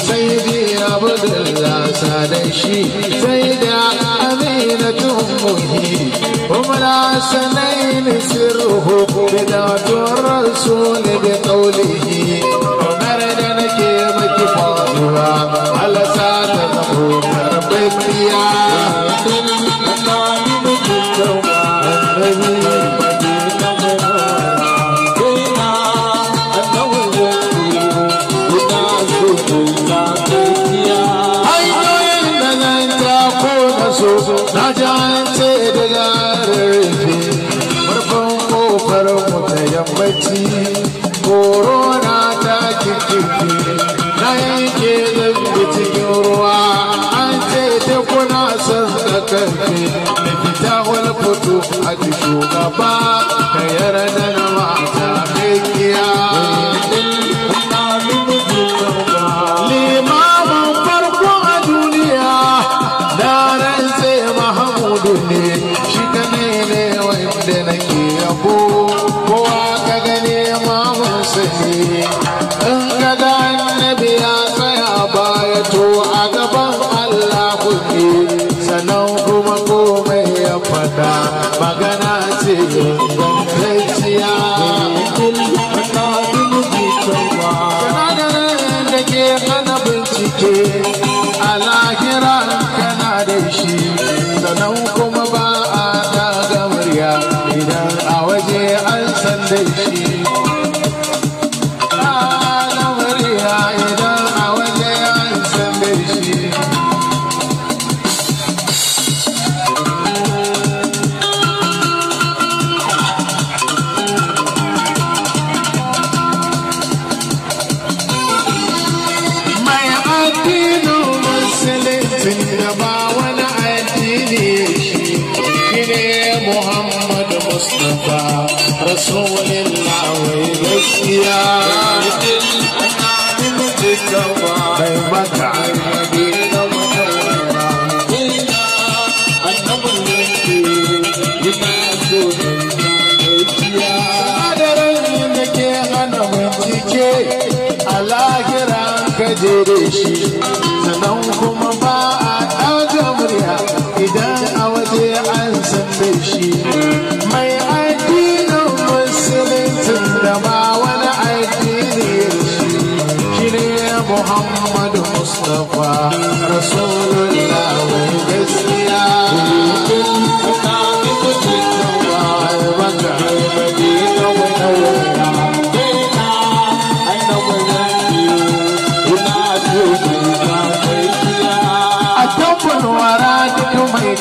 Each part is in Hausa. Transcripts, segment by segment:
سيدي عبد الله سالشي سيدة أمينة أمه هم العسنين سره بدعة الرسول zo na ji an ce da gararrafe murfin kofar mu ta yammaci korona ta kikirki na da dambe cikin ruwa an ce ta kuna son tsakarfe da fita wani fito a ji shugaba shi kane ne wanda nake yabo kowa ka gane mamun sani in ka ga annabi ya tsaya baya to a gaban Allah kuke sannan kuma komai ya fada magana ce gantacciya da ke hana bincike a lahira kana da shi sannan kuma tunda ba wani addini shi shine Muhammad Mustafa Rasulullah wai gaskiya bai maka Alahira ka jere shi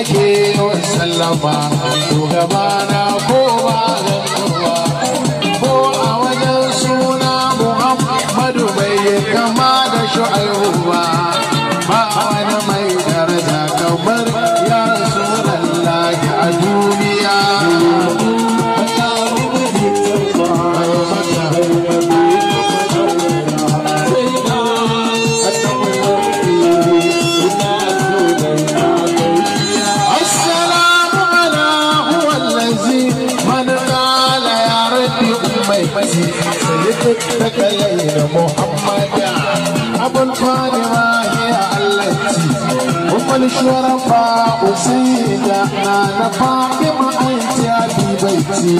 ake wa sallama shugabana ko ba سيدك يا محمد أبو الفاتحة wani sharafa usaida na fatima aiki a dubaiti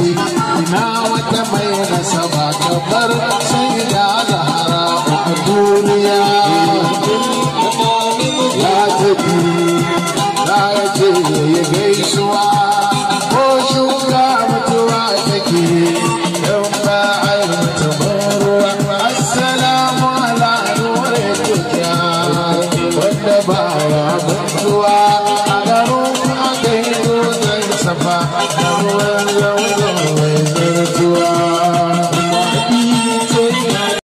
ina wata mai nasaba kabar sai da a duniya ya tafi ya ce ya gaisuwa ko shuka take ba